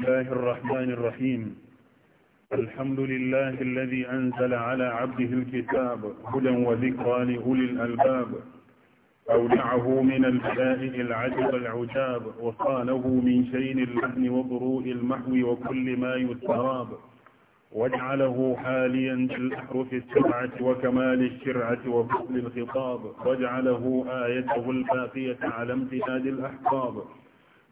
الله الرحمن الرحيم الحمد لله الذي أنزل على عبده الكتاب هدى وذكرى لأولي الألباب أودعه من البلاء العجب العجاب وصانه من شين اللحن وضروء المحو وكل ما يتراب واجعله حاليا بالأحرف السبعة وكمال الشرعة وفصل الخطاب واجعله آيته الباقية على امتداد الأحقاب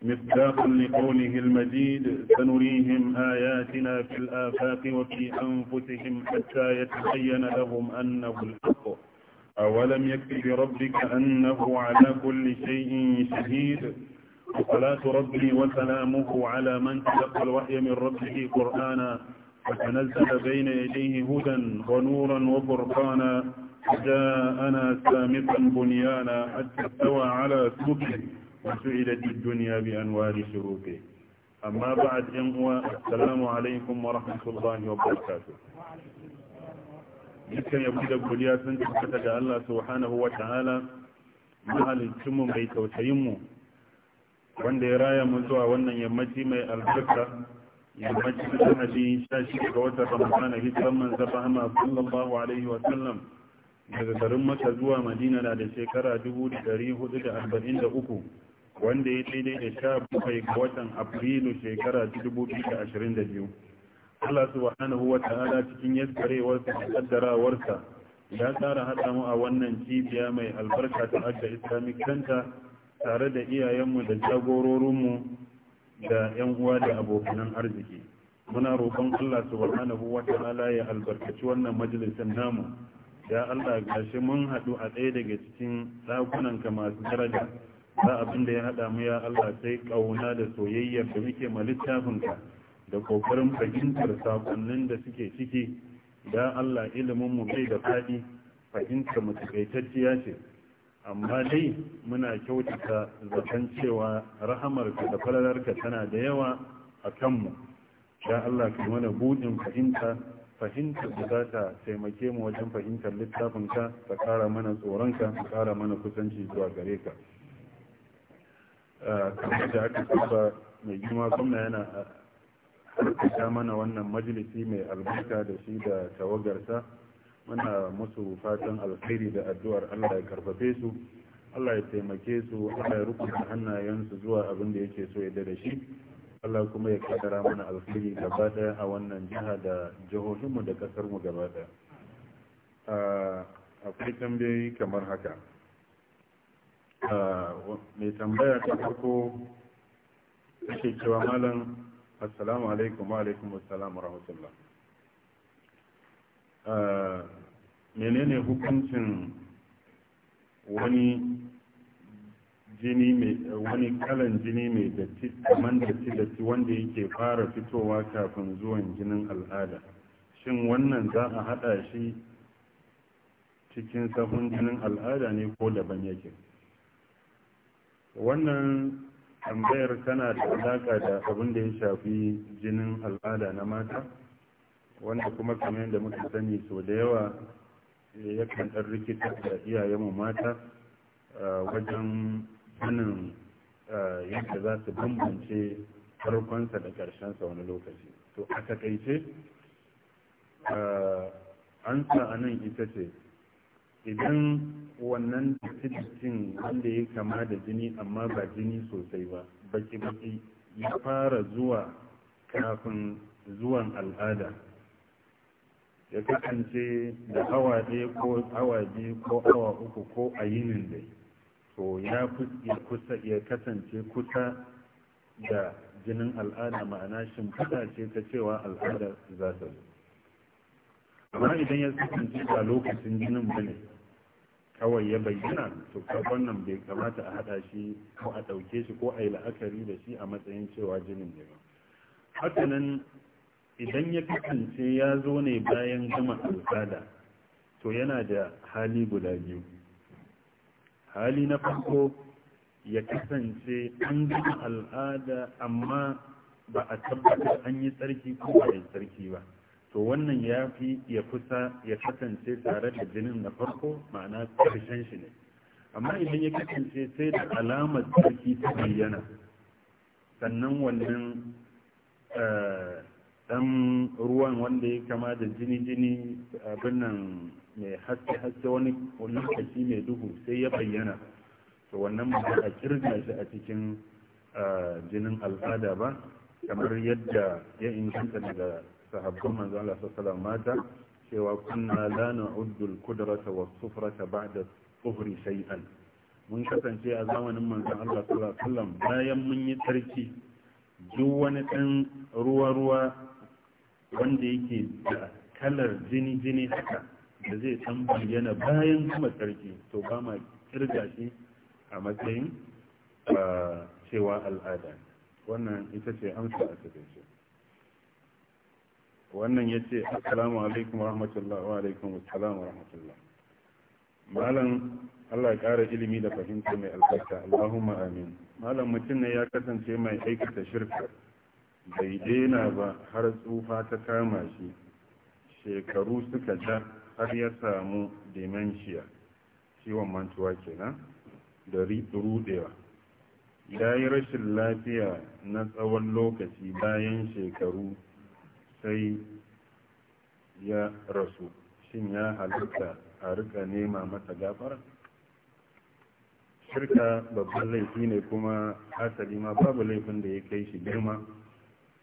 مصداقا لقوله المجيد سنريهم آياتنا في الآفاق وفي أنفسهم حتى يتبين لهم أنه الحق أولم يكفي بربك أنه على كل شيء شهيد وصلاة ربي وسلامه على من تلقى الوحي من ربه قرآنا وتنزل بين يديه هدى ونورا وفرقانا جاءنا سامقا بنيانا حتى استوى على سوقه وسعدت الدنيا بأنوار شروطه أما بعد إنه السلام عليكم ورحمة الله وبركاته dukkan yabu da godiya sun tabbata da Allah subhanahu wa ta'ala mahalicinmu mai tausayinmu wanda ya raya mu zuwa wannan yammaci mai albarka yammaci da hadi shashi ga watan Ramadan hijiran manzo Muhammad sallallahu alaihi wa sallam daga garin Makka zuwa Madina da shekara 1443 wanda ya daidai da sha bakwai ga watan afrilu shekara ta dubu biyu da ashirin da biyu allah subhanahu wa ta'ala cikin yaskarewarsa da kaddarawarsa ya tsara haɗa mu a wannan cibiya mai albarka ta adda islamic center tare da iyayenmu da jagororinmu da yan uwa da abokanan arziki muna roƙon allah subhanahu wa ta'ala ya albarkaci wannan majalisar namu ya allah gashi mun haɗu a ɗaya daga cikin ɗakunanka masu daraja ba abin da ya haɗa mu ya Allah sai ƙauna da soyayya da muke ma littafinka da kokarin fahimtar sakonnin da suke ciki da Allah ilimin mu bai da faɗi fahimtar mu takaitacciya ce amma dai muna kyautata zaton cewa ka da falalarka tana da yawa a kanmu sha Allah ka mana buɗin fahimta fahimtar da za ta taimake mu wajen fahimtar littafinka ka ƙara mana tsoronka ta ƙara mana kusanci zuwa gare ka kamar da aka saba mai girma gwamna yana harkata mana wannan majalisi mai albarka da shi da tawagarsa muna musu fatan alkhairi da addu'ar allah ya karfafe su allah ya taimake su allah ya rukuta hannayensu zuwa abin da yake so ya da shi allah kuma ya kaddara mana alkhairi gaba daya a wannan jiha da jihohinmu da kasarmu gaba daya akwai tambayoyi kamar haka Ah, mai tambaya ta farko ke cewa malam assalamu alaikum alaikum assalam wa rahmatullah ah, menene hukuncin wani jini wani kalan jini mai datti kaman datti datti wanda yake fara fitowa kafin zuwan jinin al'ada shin wannan za a hada shi cikin safin jinin al'ada ne ko daban yake wannan tambayar tana da alaƙa da abin da ya shafi jinin al'ada na mata wanda kuma kamar yadda muka sani sau da yawa eh, yakan ɗan rikita da iyayenmu mata eh, wajen sanin eh, yadda za su bambance farkonsa da ƙarshensa wani lokaci to a takaice an sa a nan ita ce idan wannan dattin wanda ya kama da jini amma ba jini sosai ba baki-baki ya fara zuwa kafin zuwan al'ada ya kasance da awa ɗaya ko awa biyu ko awa uku ko a yinin dai to ya kusa ya kasance kusa da jinin al'ada ma'ana shimfiɗa ce ta cewa al'ada za ta zo amma idan ya kasance ba lokacin jinin bane kawai ya bayyana to wannan bai kamata a hada shi ko a ɗauke shi ko a yi la'akari da shi a matsayin cewa jinin ne ba hakanan idan ya kasance ya zo ne bayan gama al'ada to yana da hali guda biyu hali na farko ya kasance an gama al'ada amma ba a tabbatar an yi tsarki ko ba a yi tsarki ba to wannan ya fi ya kusa ya kasance tare da jinin na farko ma'ana karshen shi ne amma idan ya kasance sai da alamar tsarki ta bayyana sannan wannan dan eh, ruwan wanda ya kama da jini-jini abin nan mai haske-haske wani lokaci mai duhu sai ya bayyana to wannan ba a kirga shi a cikin eh, jinin al'ada ba kamar yadda ya inganta daga sahabban manzon Allah sallallahu mata cewa kunna la na'uddu al-qudrata was-sufrata ba'da tuhri shay'an mun kasance a zamanin manzon Allah sallallahu alaihi wasallam bayan mun yi tsarki duk wani dan ruwa-ruwa wanda yake da kalar jini-jini haka da zai san bayyana bayan kuma tsarki to ba ma kirga shi a matsayin ah, cewa al'ada wannan ita ce amsa a cikin shi wannan ya ce assalamu alaikum rahmatullah wa alaikum assalamu rahmatullah malam allah ya kara ilimi da fahimta mai albarka allahumma amin malam mutum ne ya kasance mai aikata shirka bai daina ba har tsufa ta kama shi shekaru suka ja har ya samu dementia ciwon mantuwa kenan da rudewa ya yi rashin lafiya na tsawon lokaci bayan shekaru sai ya rasu shin ya halitta a rika nema masa gafara shirka babban laifi ne kuma asali ma babu laifin da ya kai shi girma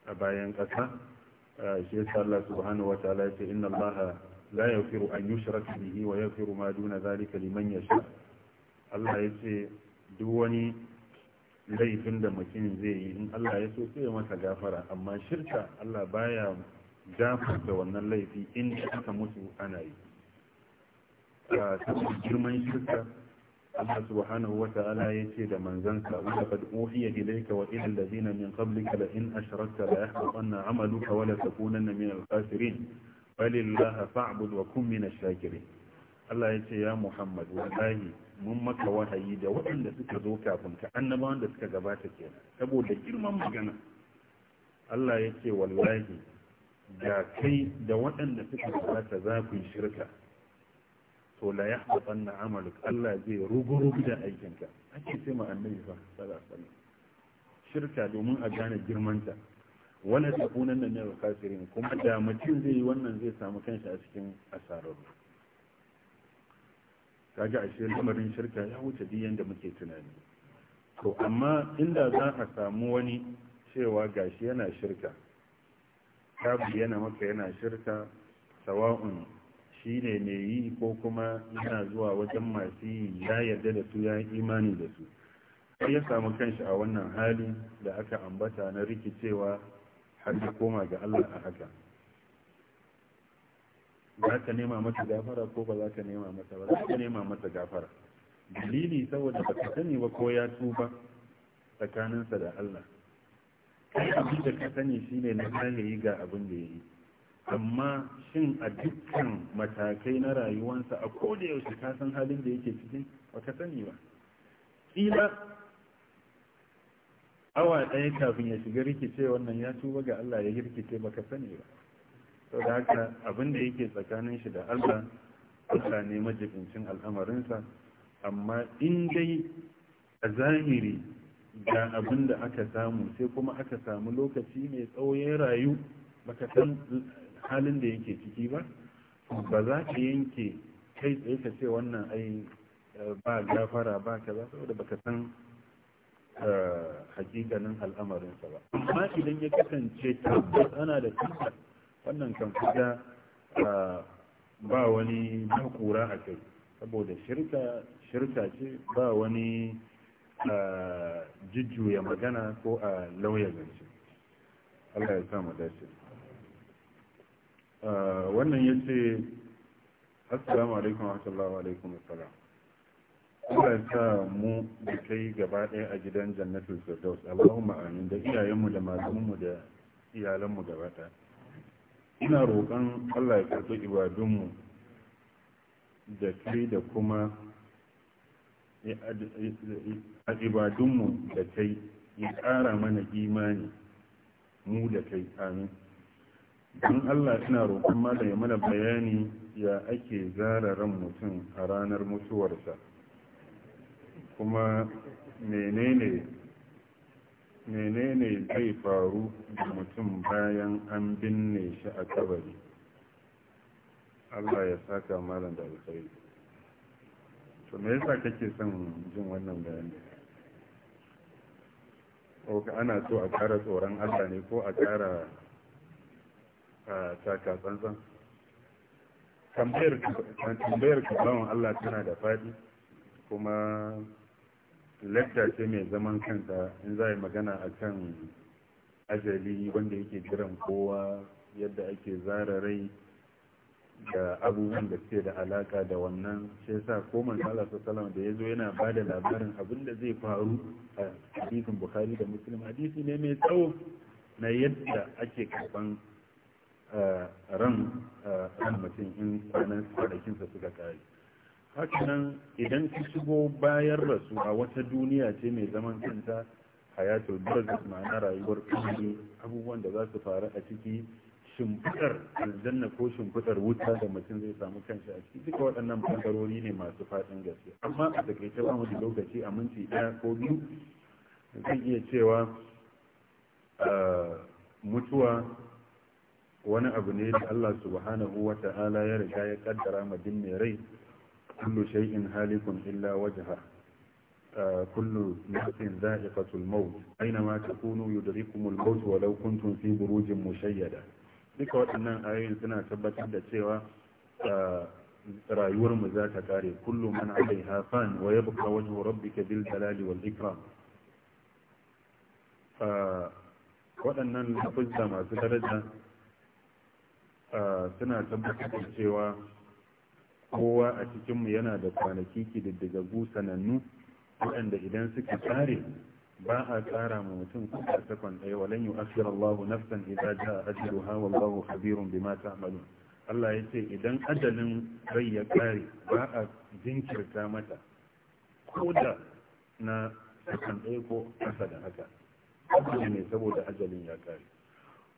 a bayan ƙasa shi yasa Allah subhanahu wataala ya ce inna Allah la yaghfiru an yushraka bihi wa yaghfiru ma duna zalika liman yasha Allah ya ce duk wani laifin da mutum zai yi in Allah ya so sai masa gafara amma shirka Allah baya gafarta wannan laifi in aka mutu ana yi a cikin girman shirka Allah subhanahu wa ta'ala ya ce da manzansa wa laqad uhiya ilayka wa ila allazina min qablika la in ashrakta la yahbatanna 'amaluka wa la takunanna min al-khasirin falillaha fa'bud wa kun min ash-shakirin Allah ya ce ya Muhammad wallahi mun maka wahayi da waɗanda suka zo kafin ka annaba da suka gabata ke saboda girman magana Allah ya ce wallahi ga kai da waɗanda suka gabata za ku shirka to la ya haɓaɓan na amaluk Allah zai rugurugu da aikinka ake ce ma annabi fa sallallahu shirka domin a gane girmanta wani tafunan da ne kuma da mutum zai yi wannan zai samu kanshi a cikin asararru kaga ashe lamarin shirka ya wuce duk yanda muke tunani to amma inda za a samu wani cewa gashi yana shirka ta yana maka yana shirka sawa'un shi ne mai yi ko kuma yana zuwa wajen masu yi ya yarda da su ya imani da su sai ya samu kanshi a wannan hali da aka ambata na rikicewa har ya koma ga Allah a haka za ka nema masa gafara ko ba za ka nema masa ba za ka nema masa gafara dalili saboda ba ka sani ba ko ya tuba tsakaninsa da Allah kai abin da ka sani shine na yi ga abin da ya yi amma shin a dukkan matakai na rayuwansa a koda yaushe ka san halin da yake cikin ba ka sani ba kila awa ɗaya kafin ya shiga rikice wannan ya tuba ga Allah ya rikice ba ka sani ba sau da haka abin da yake tsakanin shi da allah allah ne majibincin al'amarinsa amma in dai a zahiri ga abin da aka samu sai kuma aka samu lokaci mai tsawo ya rayu baka san halin da yake ciki ba ba za ka yanke kai tsaye ka ce wannan ai eh, ba gafara ba ka za saboda baka san eh, hakikanin al'amarinsa ba amma idan ya kasance tabbas ana da tabbas wannan kan kuda ah, ba wani makura a kai saboda shirka ce ba wani ah, jujjuya magana ko a lauya zance Allah ya samu dace ah, wannan ya ce assalamu alaikum wa wa alaikum assalam Allah mu da kai gaba ɗaya a gidan jannatul firdaus Allahumma amin da iyayenmu da malamanmu da iyalanmu gaba ɗaya ina roƙon allah ya karɓi ibadunmu da kai da kuma a ibadunmu da kai ya ƙara mana imani mu da kai amin don allah ina roƙon ma ya mana bayani ya ake zara ran mutum a ranar mutuwarsa kuma menene menene zai faru da mutum bayan an binne shi a kabari Allah ya saka malam da alkhairi to me yasa kake son jin wannan bayani ko ana so a kara tsoron Allah ne ko a kara taka tsantsan tambayar ka bawan Allah tana da fadi kuma lecture ce mai zaman kanta in za yi magana a kan ajali wanda yake jiran kowa yadda ake zara rai da abubuwan da suke da alaka da wannan shi yasa ko manzo Allah sallallahu da yazo yana ba da labarin abin da zai faru a hadisin Bukhari da Muslim hadisi ne mai tsawo na yadda ake karban eh, ran eh, ran mutum in kwanan kwanakinsa suka kare hakanan idan ka shigo bayan rasu a wata duniya ce mai zaman kanta hayatul barzakh ma'ana rayuwar kabari abubuwan da za su faru a ciki shimfidar aljanna ko shimfiɗar wuta da mutum zai samu kanshi a ciki duka waɗannan bangarori ne masu faɗin gaske amma a takaice ba mu da lokaci a minti ɗaya ko biyu zan iya cewa mutuwa wani abu ne da Allah subhanahu wa ta'ala ya riga ya kaddara ma mai rai kullu shay'in halikun illa wajha kullu nafsin za'iqatul maut aina takunu yudrikumul maut walau kuntum fi burujin mushayyada duka waɗannan ayoyin suna tabbatar da cewa rayuwar mu za ta kare kullum man alaiha fan wa yabqa wajhu rabbika bil jalali wal ikram waɗannan lafuzza masu daraja suna tabbatar da cewa kowa a cikinmu yana da kwanaki kididdigaggu sanannu waɗanda idan suka tsare ba a tsara ma mutum kuka sakon ɗaya walan yi asirar Allah nafsan idan ja a ajiyar hawa Allah khabirun bi mata amalu Allah ya ce idan adalin rai ya ƙare ba a jinkirta mata ko da na sakon ɗaya ko ƙasa da haka ne saboda ajalin ya ƙare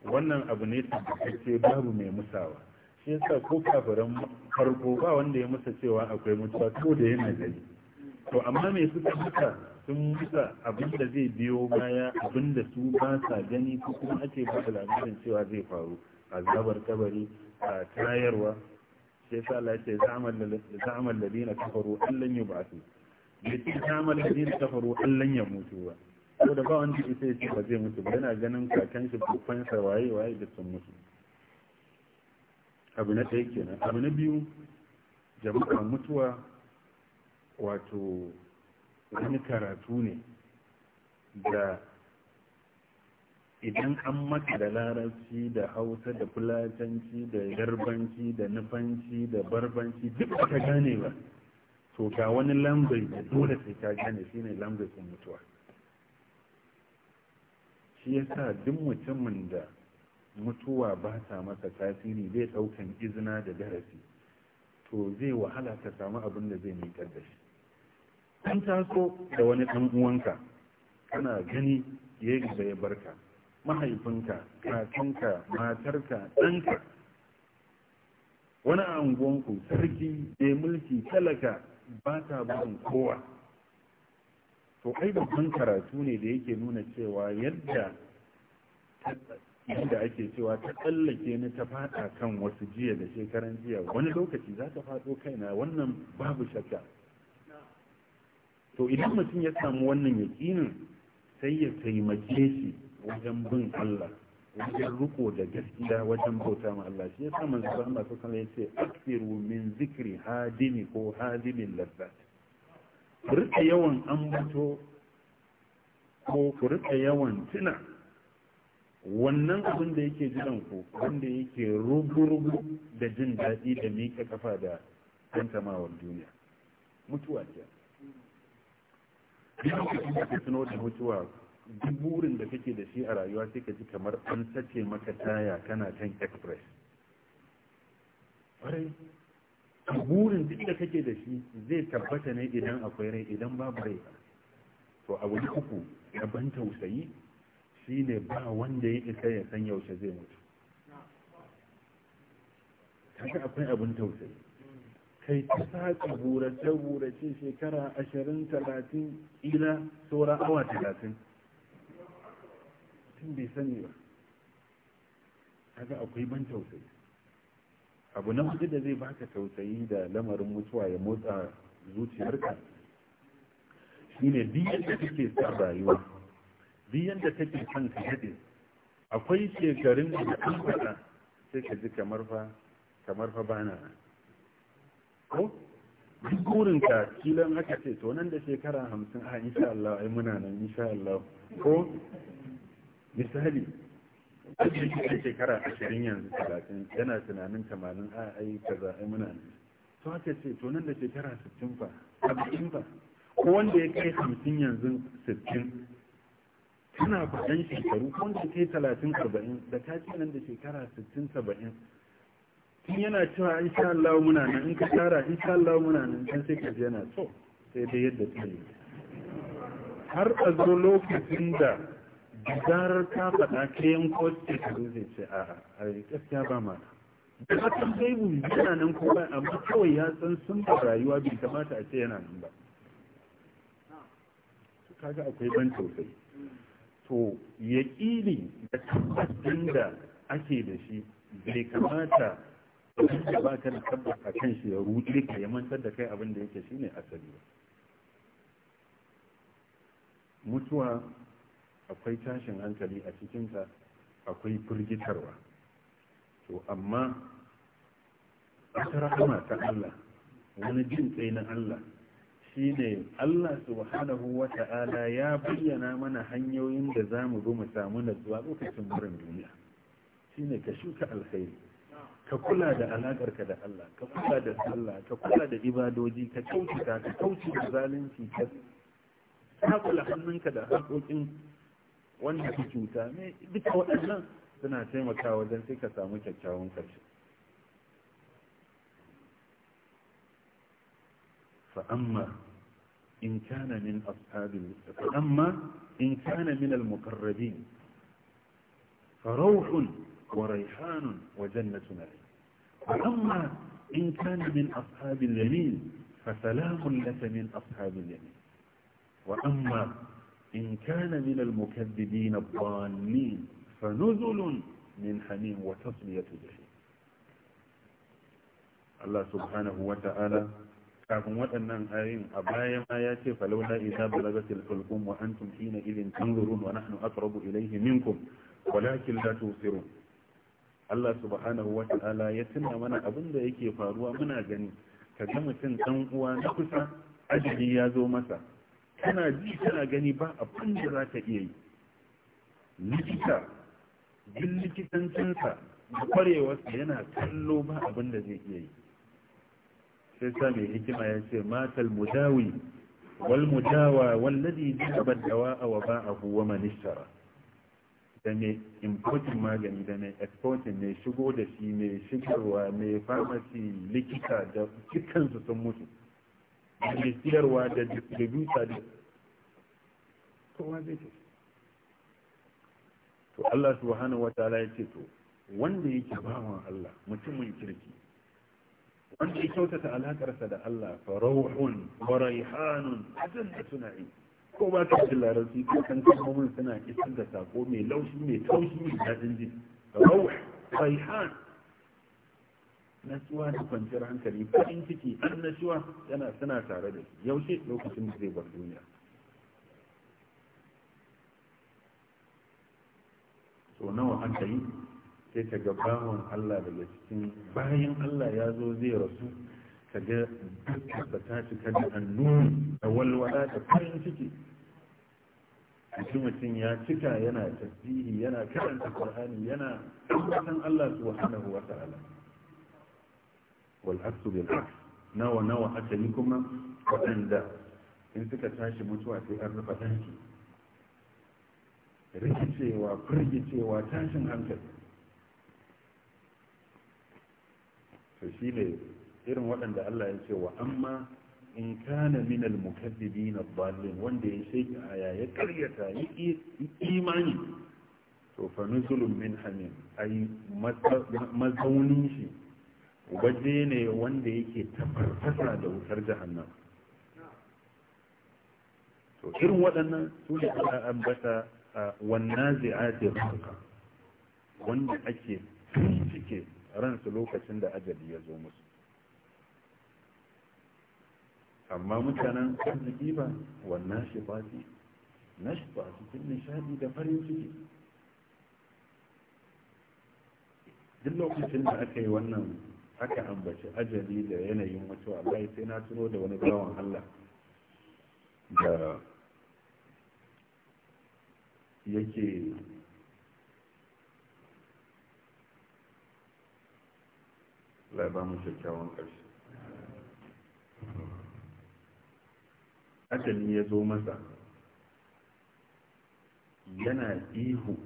wannan abu ne tabbatacce babu mai musawa shi yasa ko kafiran farko ba wanda ya musa cewa akwai mutuwa ko da yana gari to amma mai suka muka sun musa abin da zai biyo baya abin da su ba sa gani ko kuma ake ba da labarin cewa zai faru azabar kabari a tayarwa shi yasa Allah ya ce za'amal ladina kafaru an ba yub'athu bai ce za'amal ladina kafaru an yamutu ba da ba wanda ya ce ba zai mutu ba yana ganin kakan shi waye waye da sun mutu abu na ɗaya kenan abu na biyu jama'a mutuwa wato wani karatu ne da idan an maka da larabci da hausa da fulatanci da yarbanci da nufanci da barbanci duk ba ka gane ba to ga wani lambai da dole sai ka gane shi ne language mutuwa shi yasa duk mutumin da mutuwa ba ta masa tasiri zai ɗaukan izina da darasi to zai wahala ka samu abin da zai mika da shi an taso da wani ɗan uwanka kana gani ya zai barka mahaifinka kakanka matarka ɗanka wani a unguwanku sarki mai mulki talaka ba ta barin kowa to ai babban karatu ne da yake nuna cewa yadda inda ake cewa ta tsallake ni ta fada kan wasu jiya da shekaran jiya wani lokaci za ta fado kaina wannan babu shakka to idan mutum ya samu wannan yakinin sai ya taimake shi wajen bin Allah wajen riko da gaskiya wajen bauta ma Allah shi yasa manzo Allah sallallahu alaihi yace akthiru min zikri hadimi ko hadimin lazzat ku rika yawan ambato ko ku yawan tuna wannan abin da yake jiran ku wanda yake rubu-rubu da jin daɗi da miƙe kafa da tantamawar duniya mutuwa ce duk lokacin kuma ka tuno da mutuwa duk burin da kake da shi a rayuwa sai ka ji kamar an sace maka taya kana kan express ƙwarai burin duk da kake da shi zai tabbata ne idan akwai rai idan babu rai to abu uku ban tausayi shine ba wanda ya isa ya san yaushe zai mutu kaga akwai abin tausayi kai ta saka burace burace shekara ashirin talatin ila saura awa talatin tun bai sani ba kaga akwai ban tausayi abu na hudu da zai baka tausayi da lamarin mutuwa ya motsa zuciyarka shine duk yadda kake sa rayuwa duk yadda take son ka daɗe akwai shekarun da an faɗa sai ka ji kamar fa kamar fa bana ko duk ka kilan haka ce to nan da shekara hamsin a insha Allah ai muna nan insha Allah ko misali duk shi shi shekara ashirin yanzu talatin yana tunanin tamanin a ai kaza ai muna nan to haka ce to nan da shekara sittin fa saba'in fa ko wanda ya kai hamsin yanzu sittin kana baɗan shekaru wanda ke talatin 40 da ta nan da shekara sittin 70 tun yana cewa in sha Allah muna nan in ka tara in sha Allah muna nan dan sai ka yana so sai dai yadda ta yi har a zo lokacin da zarar ta faɗa ka yanko shekaru zai ce a a gaskiya ba ma da hakan dai bu yana nan ko ba amma kawai ya san sun ba rayuwa bai kamata a ce yana nan ba kaga akwai ban tausayi to ya ƙili da tabbacin da ake da shi bai kamata da ba ka da tabbata kan shi ya rute ka ya mantar da kai abin da yake shine asali ba mutuwa akwai tashin hankali a cikinta akwai firgitarwa to amma ta rahama ta Allah wani jin tsaye na Allah shine Allah subhanahu wa ta'ala ya bayyana mana hanyoyin da za mu bi mu samu natsuwa lokacin murin duniya shine ka shuka alkhairi ka kula da alaƙarka da Allah ka kula da sallah ka kula da ibadoji ka kauce ka ka kauce da zalunci ka kula hannunka da haƙoƙin wanda ka cuta me duka waɗannan suna taimakawa wajen sai ka samu kyakkyawan ƙarshe faamma إن كان من أصحاب فأما إن كان من المقربين فروح وريحان وجنة نعيم وأما إن كان من أصحاب اليمين فسلام لك من أصحاب اليمين وأما إن كان من المكذبين الضالين فنزل من حميم وتصلية جحيم الله سبحانه وتعالى kafin waɗannan ayoyin a baya ma ya ce falaula idza balagatil fulqum wa antum hina idin tanzurun wa nahnu aqrabu ilayhi minkum walakin la tusirun Allah subhanahu wa ta'ala ya tuna mana abin da yake faruwa muna gani ka kaga mutum dan uwa na kusa ajali ya zo masa kana ji kana gani ba abin da za ka iya yi likita bin likitancinsa da kwarewarsa yana kallo ba abin da zai iya yi sai sa mai hikima ya ce matal mudawi wal mudawa wallazi jaba dawa'a wa ba'ahu wa man ishtara da ne importin magani da ne exportin mai shigo da shi mai shigarwa mai pharmacy likita da su sun mutu da siyarwa da distributor da kowa zai ce to Allah subhanahu wa ta'ala ya ce to wanda yake bawan Allah mutumin kirki wanda ya kyautata alaƙarsa da Allah Farauun rauhun wa raihanun hasan da tuna'i ko ba ta jin larabci ko kan kalmomin suna isar da sako mai laushi mai taushi mai daɗin ji rauh raihan natsuwa da kwanciyar hankali farin ciki annashuwa yana suna tare da shi yaushe lokacin da zai bar duniya so nawa hankali sai ka ga bawan Allah daga cikin bayan Allah ya zo zai rasu ka ga dukkan ta cika da annuni da walwala da farin ciki mutum ya cika yana tasbihi yana karanta qur'ani yana tabbatan Allah subhanahu wa ta'ala wal aksu bil aks nawa nawa aka yi kuma waɗanda in suka tashi mutuwa sai an rufa danki rikicewa firgicewa tashin hankali to shi ne irin waɗanda Allah ya ce wa amma in kana min al-mukaththibin ad-dallin wanda ya sheki aya ya karyata yi imani to fa nuzulun min hamim ai mazaunin shi waje ne wanda yake tafarfasa da wutar jahannam to irin waɗannan su ne aka ambata wannan zi'ati wanda ake cike ransu lokacin da ajali ya zo musu amma mutanen arziki ba wannan shi ba su na shi ba su cikin nishadi da farin ciki duk lokacin da aka yi wannan aka ambaci ajali da yanayin mutuwa Allah sai na tuno da wani bawan Allah da yake Allah ya ba kyakkyawan ƙarshe ajali ya zo masa yana ihu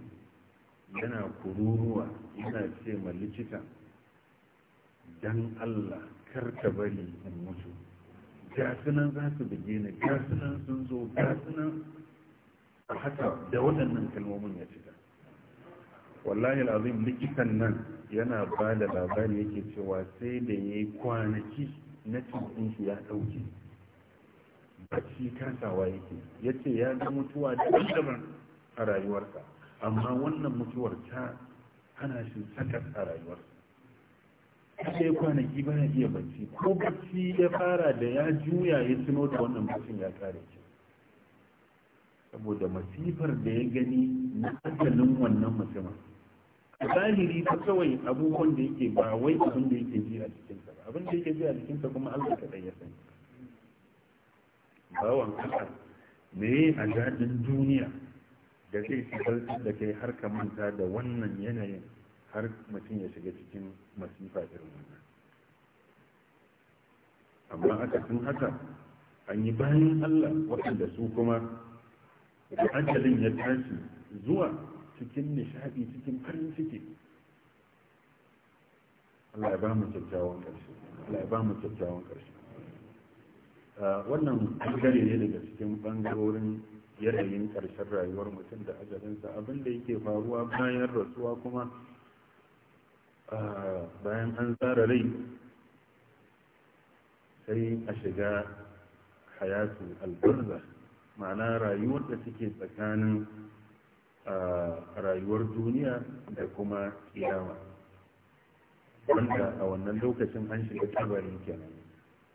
yana kururuwa yana ce ma likita dan Allah karka bari in mutu gasunan za su buge ni gasunan sun zo gasunan a haka da waɗannan kalmomin ya cika wallahi azim likitan nan yana ba da labari yake cewa sai da ya yi kwanaki na cikin shi ya ɗauke bacci kasawa yake ya ce ya ga mutuwa daban a rayuwarsa amma wannan mutuwar ta hana shi sakar a rayuwarsa sai kwanaki ba ya iya bacci ko bacci ya fara da ya juya ya tuno da wannan baccin ya kare shi saboda masifar da ya gani na ajalin wannan mutumin zahiri ta kawai abubuwan da yake ba wai abin da yake ji a jikinsa ba abin da yake ji a jikinsa kuma Allah ka ya sani bawan Allah me a daɗin duniya da zai shigar da kai har ka manta da wannan yanayin har mutum ya shiga cikin masifa irin wannan amma aka sun haka an yi bayan Allah waɗanda su kuma da ya tashi zuwa cikin nishadi cikin farin ciki Allah ya ba mu kyakkyawan ƙarshe Allah ya ba mu kyakkyawan ƙarshe ah, wannan bangare ne daga cikin bangarorin yanayin ƙarshen rayuwar mutum da ajalinsa abin da yake faruwa bayan rasuwa kuma ah, bayan an tsara rai sai a shiga hayatu albarza ma'ana rayuwar da suke tsakanin A rayuwar duniya da kuma kiyama wanda a wannan lokacin an shiga kabari kenan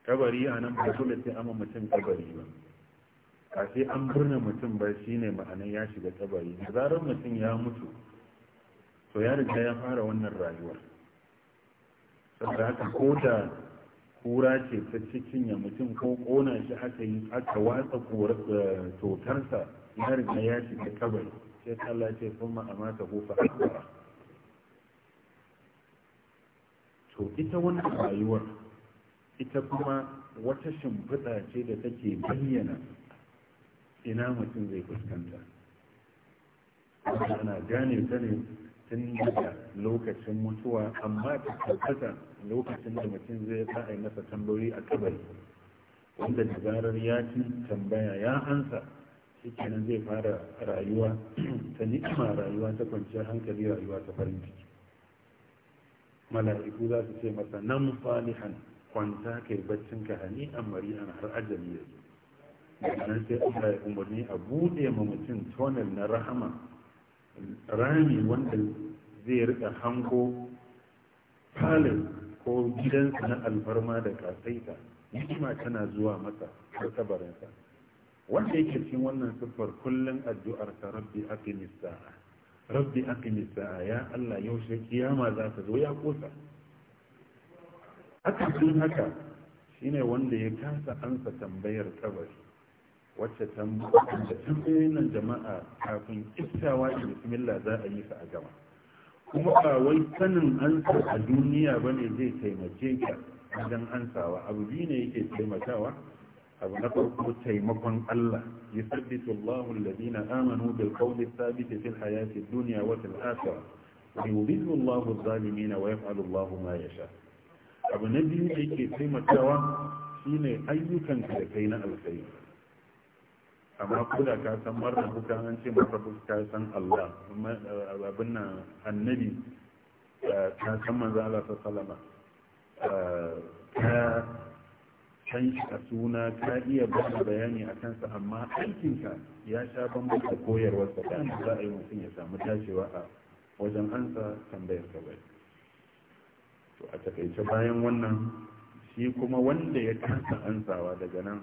kabari a nan ba dole sai amma mutum kabari ba a sai an birne mutum ba shine ma'anar ya shiga kabari da zarar mutum ya mutu to ya riga ya fara wannan rayuwar saboda haka ko da kura ce ta cikin ya mutum ko kona shi aka yi aka watsa eh, totarsa ya riga ya shiga kabari sai Allah ce ma amata hu fa akbara to ita wannan rayuwar ita kuma wata shimfiɗa ce da take bayyana ina mutum zai fuskanta ana gane ta ne tun da lokacin mutuwa amma ta tabbata lokacin da mutum zai sa masa tambayoyi a kabari wanda da zarar ya ci tambaya ya ansa kenan zai fara rayuwa ta ni'ima rayuwa ta kwanciyar hankali rayuwa ta farin ciki mala'iku za su ce masa nan falihan kwanta kai baccin ka hani an har ajali ya zo nan sai an ya umarni a buɗe ma mutum tonel na rahama rami wanda zai rika hanko palin ko gidansa na alfarma da kasaita hikima tana zuwa masa har tabarinsa wanda yake cikin wannan siffar kullum addu'ar ka rabbi aqimis sa'a rabbi sa'a ya Allah yaushe kiyama za ta zo ya kosa haka sun haka shine wanda ya kasa ansa tambayar kabari wacce tambayoyin nan jama'a kafin iftawa da bismillah za a yi su a gama kuma ba wai sanin ansa a duniya bane zai taimake ka wajen ansawa abu biyu ne yake taimakawa abu na farko taimakon Allah ya sabbitu Allahu alladhina amanu bil qawli thabit fil hayati dunya wa fil akhirah wa yudhillu Allahu adh-dhalimin wa yaf'alu Allahu ma yasha abu na biyu da yake taimakawa shine ayyukan da kai na alkhairi amma ko da ka san marar buka an ce ka san Allah eh, abin nan annabi ta eh, san manzo Allah sallallahu alaihi wasallam eh, a suna ka iya ba da bayani a kansa amma aikinka ya sha bambam da sa kan za a yi mutum ya samu tashewa a wajen ansa tambayar ka bai to a takaice bayan wannan shi kuma wanda ya kasa ansawa daga nan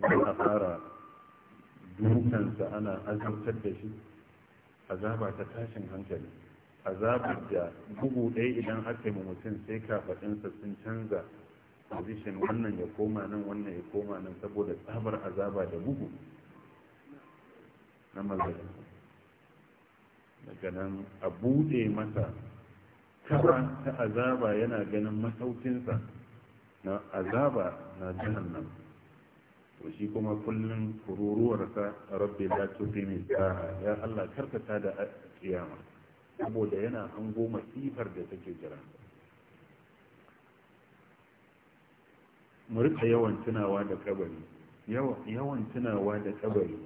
za a fara dukansa ana azabtar da shi azaba ta tashin hankali azabar da bugu ɗaya idan aka yi mutum sai kafaɗinsa sun canza position wannan ya koma nan wannan ya koma nan saboda tsabar azaba da bugu na mazari daga nan a buɗe masa kafa ta azaba yana ganin masaukinsa na azaba na jihar nan to shi kuma kullum kururuwarsa rabbi tufi mai sa'a ya Allah karkata da kiyama saboda yana hango masifar da take jira mu rika yawan tunawa da kabari yawan tunawa da kabari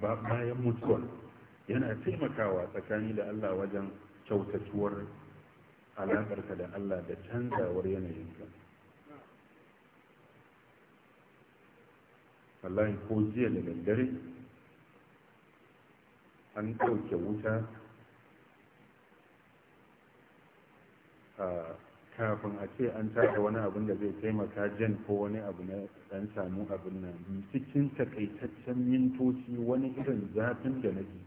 ba bayan mutuwa yana taimakawa tsakani da Allah wajen kyautatuwar alaƙarka da Allah da canzawar yanayinka wallahi ko jiya da daddare an ɗauke wuta a ah, kafin a ce an tada wani abin da zai taimaka jan ko wani abu na dan samu abin nan cikin takaitaccen mintoci wani irin zafin da na ji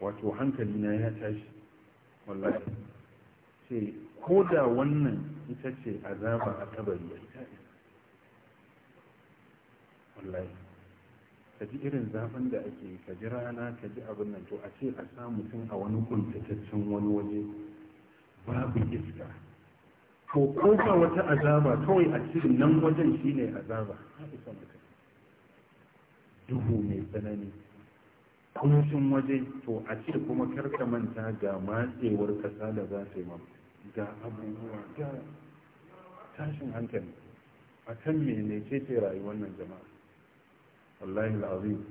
wato hankali na ya tashi wallahi ce ko da wannan ita ce azaba a kabari ya wallahi ka ji irin zafin da ake kaji rana kaji ji abin nan to a ce a sa mutum a wani kuntataccen wani waje babu iska ko kofa wata azaba kawai a cikin nan wajen shine azaba duhu mai tsanani kunshin waje to a ce kuma karka manta ga matsewar kasa da za ta yi ga abubuwa ga tashin hankali a kan mene ce ce rayuwar nan jama'a wallahi al'azim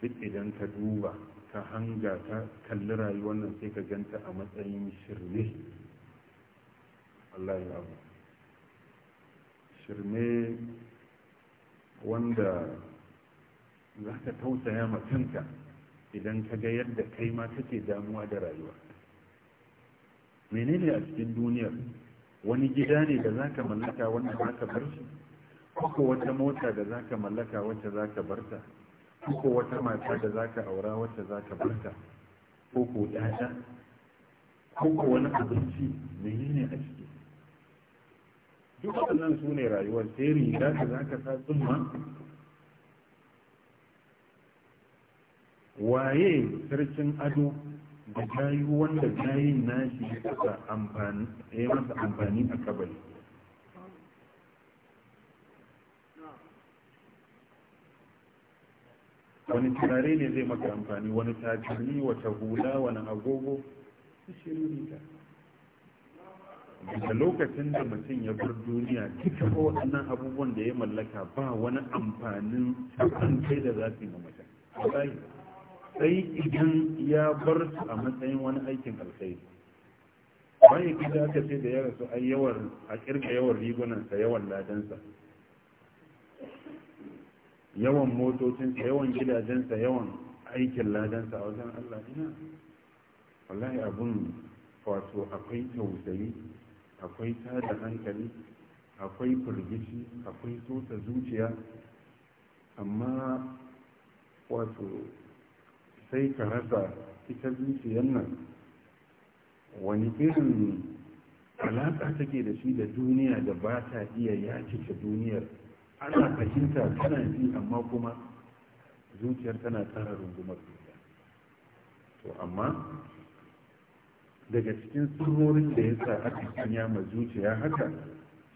duk idan ka duba ka hanga ta kalli rayuwar nan sai ka ganta a matsayin shirme Allah ya shirme wanda za ka tausaya matanka idan ka ga yadda kai ma kake damuwa da rayuwa menene a cikin duniyar wani gida ne da za ka mallaka wanda za ka bar shi ko wata mota da za ka mallaka wacce za ka bar ko wata mata da za ka aura wata za ka barka, ko ko ɗaya ko ko wani abinci yi ne a ciki duk waɗannan su ne rayuwar sai riga ka za ka sa tsumma waye sarkin ado da gayu wanda gayin nashi ya masa amfani a kabari wani turare ne zai maka amfani wani tajirni wata hula wani agogo daga lokacin da mutum ya bar duniya duka waɗannan abubuwan da ya mallaka ba wani amfanin an kai da za su yi mutum sai idan ya bar su a matsayin wani aikin alkhairi bayan gida aka ce da ya rasu a kirga yawan rigunansa yawan ladansa yawan motocinsa yawan gidajensa yawan aikin ladansa a wajen Allah ina wallahi abun wato akwai tausayi akwai tada hankali akwai firgici akwai tota zuciya amma wato sai ka rasa ita zuciyar nan wani irin alaƙa take da shi da duniya da ba ta iya yakice duniyar ana fahimta tana ji amma kuma zuciyar tana tsara rungumar duniya to amma daga cikin tsohorin da ya sa aka kanya ma zuciya haka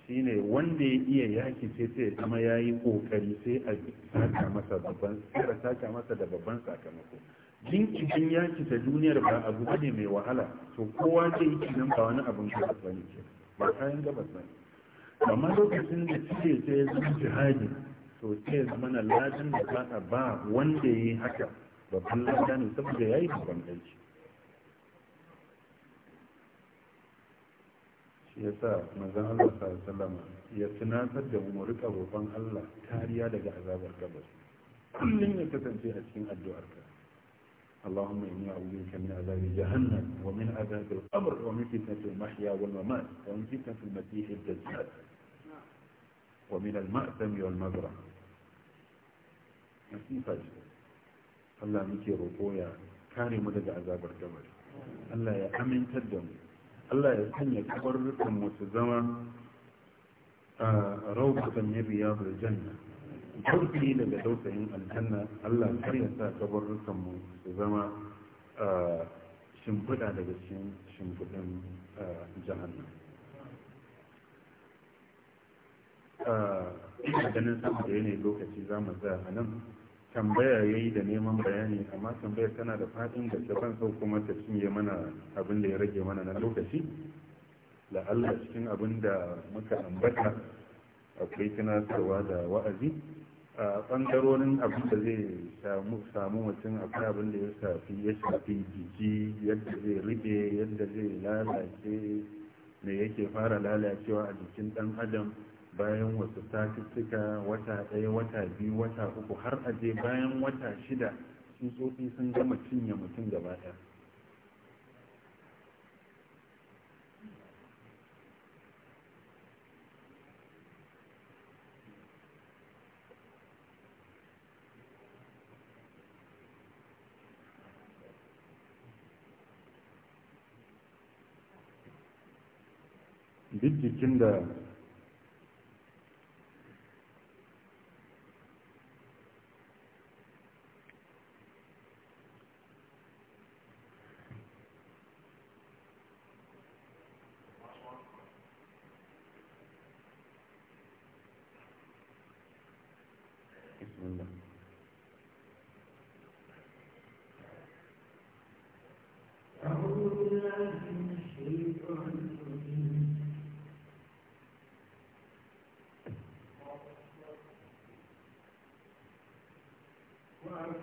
shine wanda ya iya yaki sai sai ya ya yi kokari sai a saka masa babban saka masa da babban sakamako jinkirin yaki ta duniyar ba abu ne mai wahala to kowa zai yi kinan ba wani abin ba ne ba kayan gabas ba ne amma lokacin da suke sai ya zama jihadi to mana ya ladan da za a ba wanda ya yi haka babban lada ne saboda ya yi babban aiki shi ya sa manzan Allah sallallahu ya tunatar da mu rika babban Allah kariya daga azabar kabar kullum ya kasance a cikin addu'arka اللهم إني أعوذ بك من عذاب جهنم ومن عذاب القبر ومن فتنة المحيا والممات ومن فتنة المسيح الدجال ومن المأثم والمزرع masifa ce Allah muke roƙo ya kare mu daga azabar kabari Allah ya amintar da mu Allah ya sanya kabarrukan mu su zama a rawdatan min riyadil janna kurfi daga dausayin aljanna Allah kar ya sa kabarrukan mu su zama shimfiɗa daga cikin shimfiɗin nan. a ganin sama da yanayin lokaci za mu tsaya a nan tambaya ya yi da neman bayani amma tambayar tana da fadin da kan sau kuma ta cinye mana abin da ya rage mana na lokaci la'alla cikin abin da muka ambata akwai tunatarwa da wa'azi a ɓangarorin abin da zai samu mutum akwai abin da ya shafi ya shafi jiki yadda zai rike yadda zai lalace me yake fara lalacewa a jikin ɗan adam bayan wasu statistika wata ɗaya wata biyu wata uku har a je bayan wata shida tsutsotsi sun gama cinye mutum gaba ɗaya duk jikin da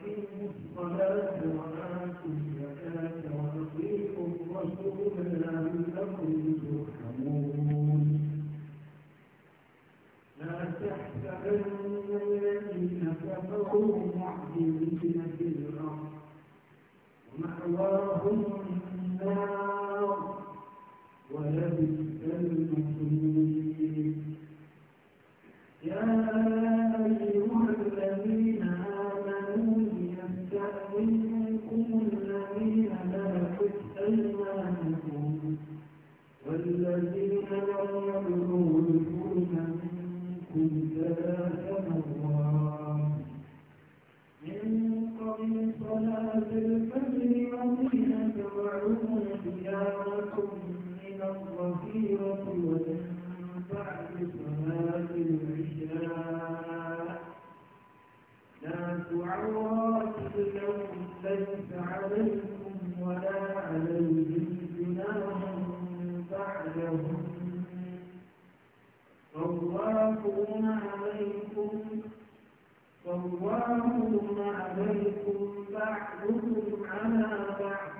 وأقيموا الصلاة وآتوا الزكاة عليكم ولا عليهم جناح بعدهم طوافون عليكم طوافون عليكم بعضكم على بعض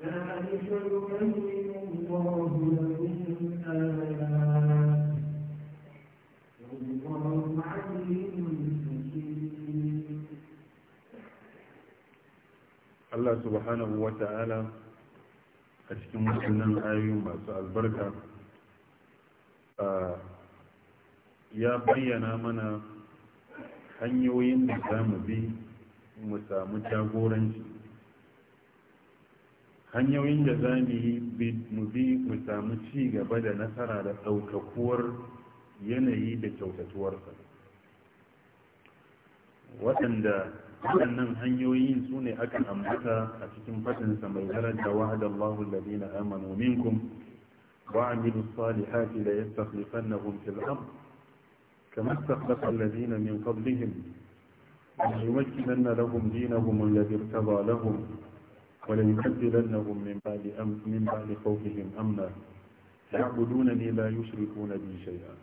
كذلك يبين الله Allah subhanahu wa ta'ala a cikin waɗannan ayoyin masu albarka ya bayyana mana hanyoyin da za mu bi mu samu jagoranci hanyoyin da za mu bi mu samu ci gaba da nasara da ɗaukakuwar yanayi da kyautatuwarsa waɗanda waɗannan hanyoyin su ne aka ambata a cikin fadinsa mai daraja wa'ada Allahu alladhina amanu minkum wa amilu salihati la na fil ard kama istakhlafa alladhina min qablihim ليمكنن لهم دينهم الذي ارتضى لهم وليبدلنهم من بعد من بعد خوفهم امنا يعبدونني لا يشركون بي شيئا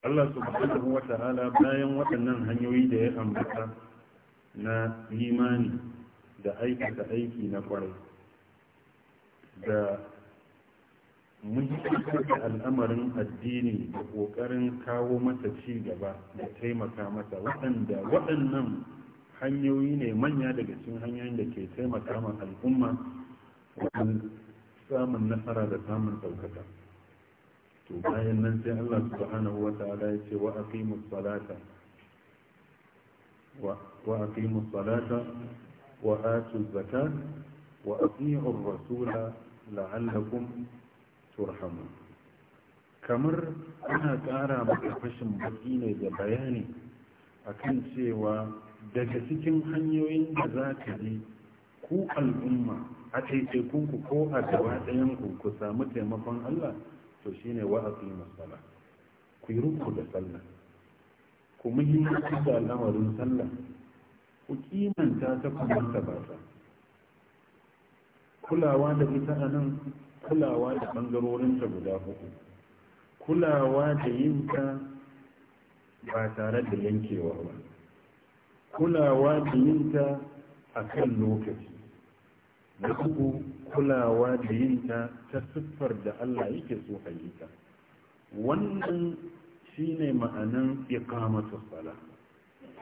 Allah subhanahu wa ta'ala bayan waɗannan hanyoyi da ya ambata na imani da aikata aiki na kwarai da muhimmanci al'amarin addini da ƙoƙarin kawo mata ci gaba da taimaka mata waɗanda waɗannan hanyoyi ne manya daga cikin hanyoyin da ke taimaka ma al'umma wajen samun nasara da samun ɗaukaka. to bayan nan sai Allah subhanahu wata'ala ya ce wa aqimus salata wa aqimus salata wa atuz zakat wa atii'ur rasula la'allakum turhamun kamar ana ƙara maka fashin baki ne da bayani akan cewa daga cikin hanyoyin da za ka yi, ku al'umma a taitekun ko a gaba ɗayan ku samu taimakon Allah to shine wa aqimu sala ku yi ruku da sallah ku muhimmanci da al'amarin sallah ku kimanta ta ku ba ta kulawa da ita a nan kulawa da bangarorinta guda uku kulawa da yin ba tare da yankewa ba kulawa da yin ta a kan lokaci Da uku kulawa da yinta ta siffar da Allah yake so halitta. wannan shine ma'anan iqamatu sala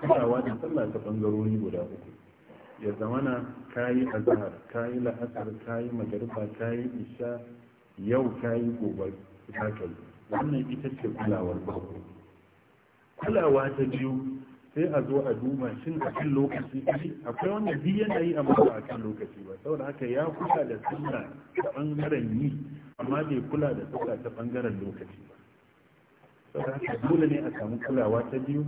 kulawa da sallah ta bangarori guda uku ya zamana kayi azhar kayi la'asar kayi magariba kayi isha yau kayi gobe ta kai wannan ita ce kulawar farko kulawa ta biyu sai a zo a duba shin a kan lokaci akwai wanda bi yana yi a ba a kan lokaci ba saboda haka ya kula da sunna ta bangaren yi amma bai kula da sunna ta bangaren lokaci ba saboda haka dole ne a samu kulawa ta biyu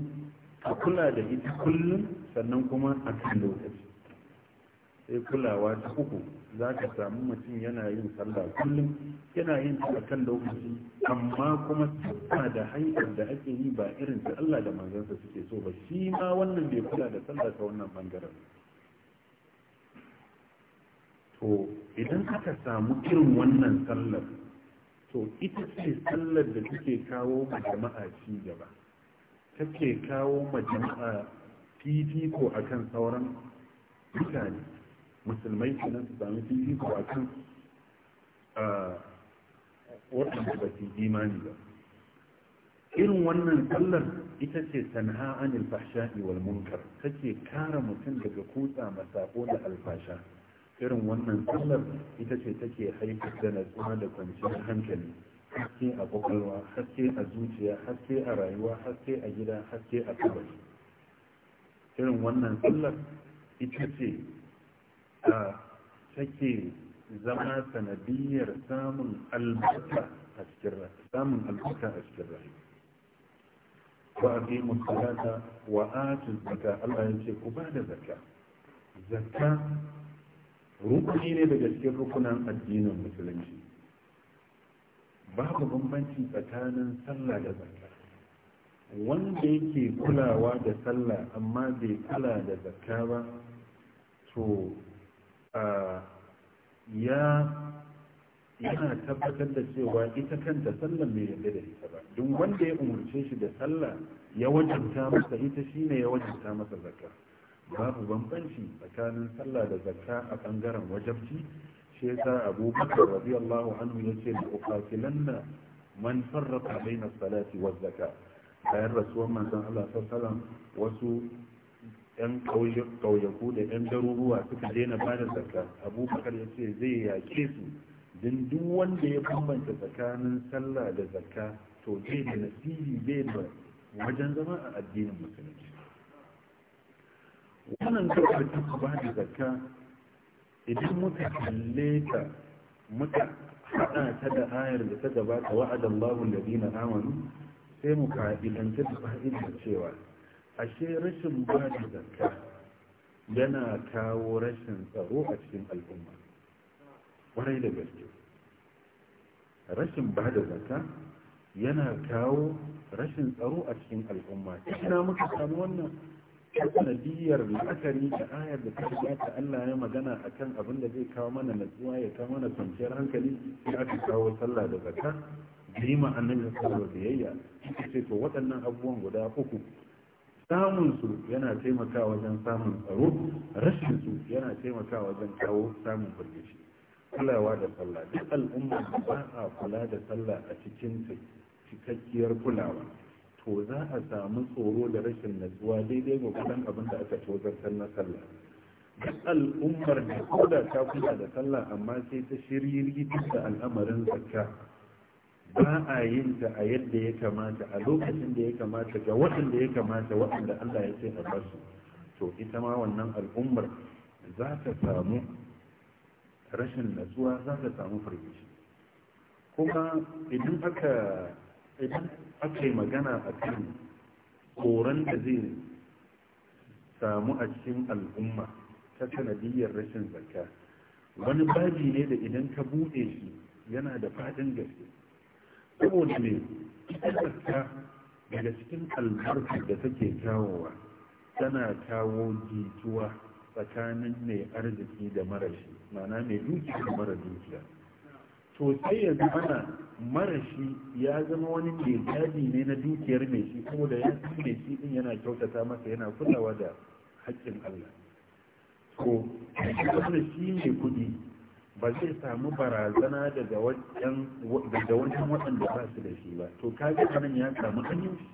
a kula da ita kullum sannan kuma a kan lokaci sai kulawa ta uku za ka samu mutum yana yin sallah kullum yana yin ta a kan lokaci amma kuma tana da hanyar da ake yi ba irin ta Allah da manzansa suke so ba shi ma wannan bai kula da sallah ta wannan bangaren to idan aka samu irin wannan sallar to ita ce sallar da take kawo ma jama'a ci gaba take kawo ma jama'a fifiko akan sauran mutane musulmai kenan su sami fifiko a kan waɗanda ba su imani ba irin wannan sallar ita ce tanha anil fahsha'i wal munkar take kare mutum daga kutsa masako da alfasha irin wannan sallar ita ce take haifar da natsuwa da kwanciyar hankali haske a kwakwalwa haske a zuciya haske a rayuwa haske a gida haske a kabari irin wannan sallar ita ce take zama sanadiyar samun albarka a cikin rai samun albarka a cikin rai wa aqimu salata wa atu zakka Allah ya ce ku ba da zakka zakka rukuni ne daga cikin rukunan addinin musulunci babu bambanci tsakanin sallah da zakka wanda yake kulawa da sallah amma bai kula da zakka ba to ya yana tabbatar da cewa ita kanta sallan bai yarda da ita ba don wanda ya umarce shi da sallah ya wajinta masa ita shi ne ya wajinta masa zakka babu bambanci tsakanin sallah da zakka a bangaren wajabci shi yasa abubakar radiyallahu anhu yace da uqatilanna man farraqa baina salati waz zakka bayan rasuwan manzon Allah sallallahu wasu yan kauyaku da yan garuruwa suka daina ba da zakka abubakar ya ce zai yaƙe su don duk wanda ya bambanta tsakanin sallah da zakka to zai da nasiri zai da wajen zama a addinin musulunci wannan kawai ta ba da zakka idan muka kalle ta muka haɗa ta da ayar da ta gabata wa'adallahu alladhina amanu sai mu ilanta da fa'idar cewa ashe rashin ba da zakka yana kawo rashin tsaro a cikin al'umma kwarai da gaske rashin ba zakka yana kawo rashin tsaro a cikin al'umma ina muka samu wannan sanadiyar la'akari da ayar da take ta Allah ya magana akan abin da zai kawo mana natsuwa ya kawo mana kwanciyar hankali sai aka kawo sallah da zakka bi ma'anin da sallah da yayya ce to waɗannan abubuwan guda uku samun su yana taimakawa wajen samun tsaro rashin su yana taimakawa wajen kawo samun firgici kulawa da sallah duk al'umma da ba a kula da sallah a cikin cikakkiyar kulawa to za a samu tsoro da rashin natsuwa daidai ga kudan abin da aka tozartar na sallah duk al'ummar da koda ta kula da sallah amma sai ta shiriri duk al'amarin zakka ba a yin ta a yadda ya kamata a lokacin da ya kamata ga waɗanda ya kamata waɗanda Allah ya ce a basu to ita ma wannan al'ummar za ta samu rashin natsuwa za ta samu firgici kuma idan aka idan aka yi magana a kan koran da zai samu a cikin al'umma ta sanadiyyar rashin zakka wani baji ne da idan ka buɗe shi yana da faɗin gaske saboda ne ita daga cikin albarkar da take kawowa tana kawo jituwa tsakanin mai arziki da marashi mana mai dukiya da mara dukiya to sai ya zama marashi ya zama wani mai gadi ne na dukiyar mai shi kuma da ya san mai shi din yana kyautata masa yana kulawa da haƙƙin Allah to shi mai kuɗi ba zai samu barazana daga wajen waɗanda ba su da shi ba to kaji anan ya samu aminci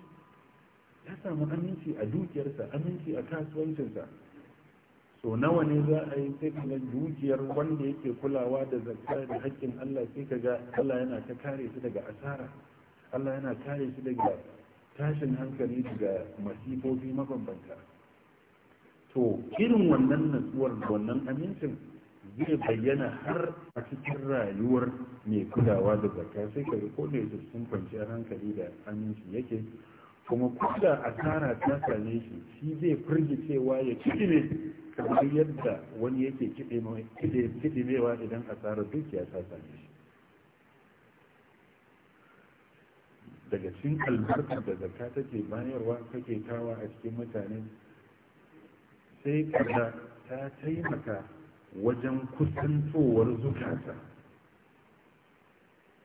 ya samu aminci a dukiyarsa aminci a kasuwancinsa so nawa ne za a yi sai kaga dukiyar wanda yake kulawa da zakka da haƙƙin Allah sai kaga Allah yana ta kare su daga asara Allah yana kare su daga tashin hankali daga masifofi mabambanta to irin wannan natsuwar wannan amincin zai bayyana har a cikin rayuwar mai kudawa da zaka sai ka ga koda da sun kwanciyar hankali da aminci yake kuma a asara ta same shi shi zai firgicewa ya kiɗime kamar yadda wani yake kiɗimewa idan asarar dukiya ta same shi daga cikin albarkar da zaka take bayarwa kake kawa a cikin mutane sai kada ta taimaka wajen kusantowar zukata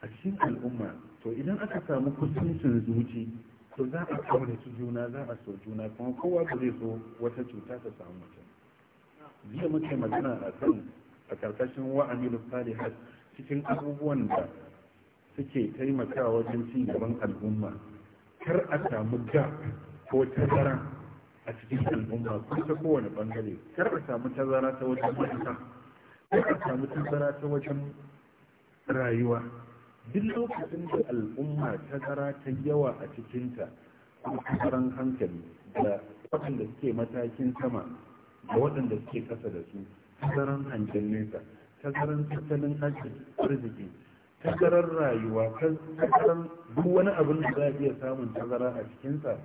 a cikin al'umma to idan aka samu kusancin zuci to za a su juna za a so juna kuma kowa ba zai so wata cuta ta samu mutum jiya muke magana a kan a karkashin wa'amilu salihat cikin abubuwan da suke taimakawa wajen ci gaban al'umma kar a samu gap ko tazara a cikin al'umma ko ta kowane bangare kar a samu tazara ta wajen mata kar a samu tazara ta wajen rayuwa duk lokacin da al'umma tazara ta yawa a cikinta kuma tazaran hankali da waɗanda suke matakin sama da waɗanda suke ƙasa da su tazaran hangen nesa tazaran tattalin arziki tazarar rayuwa tazaran duk wani abin da za a iya samun tazara a cikinsa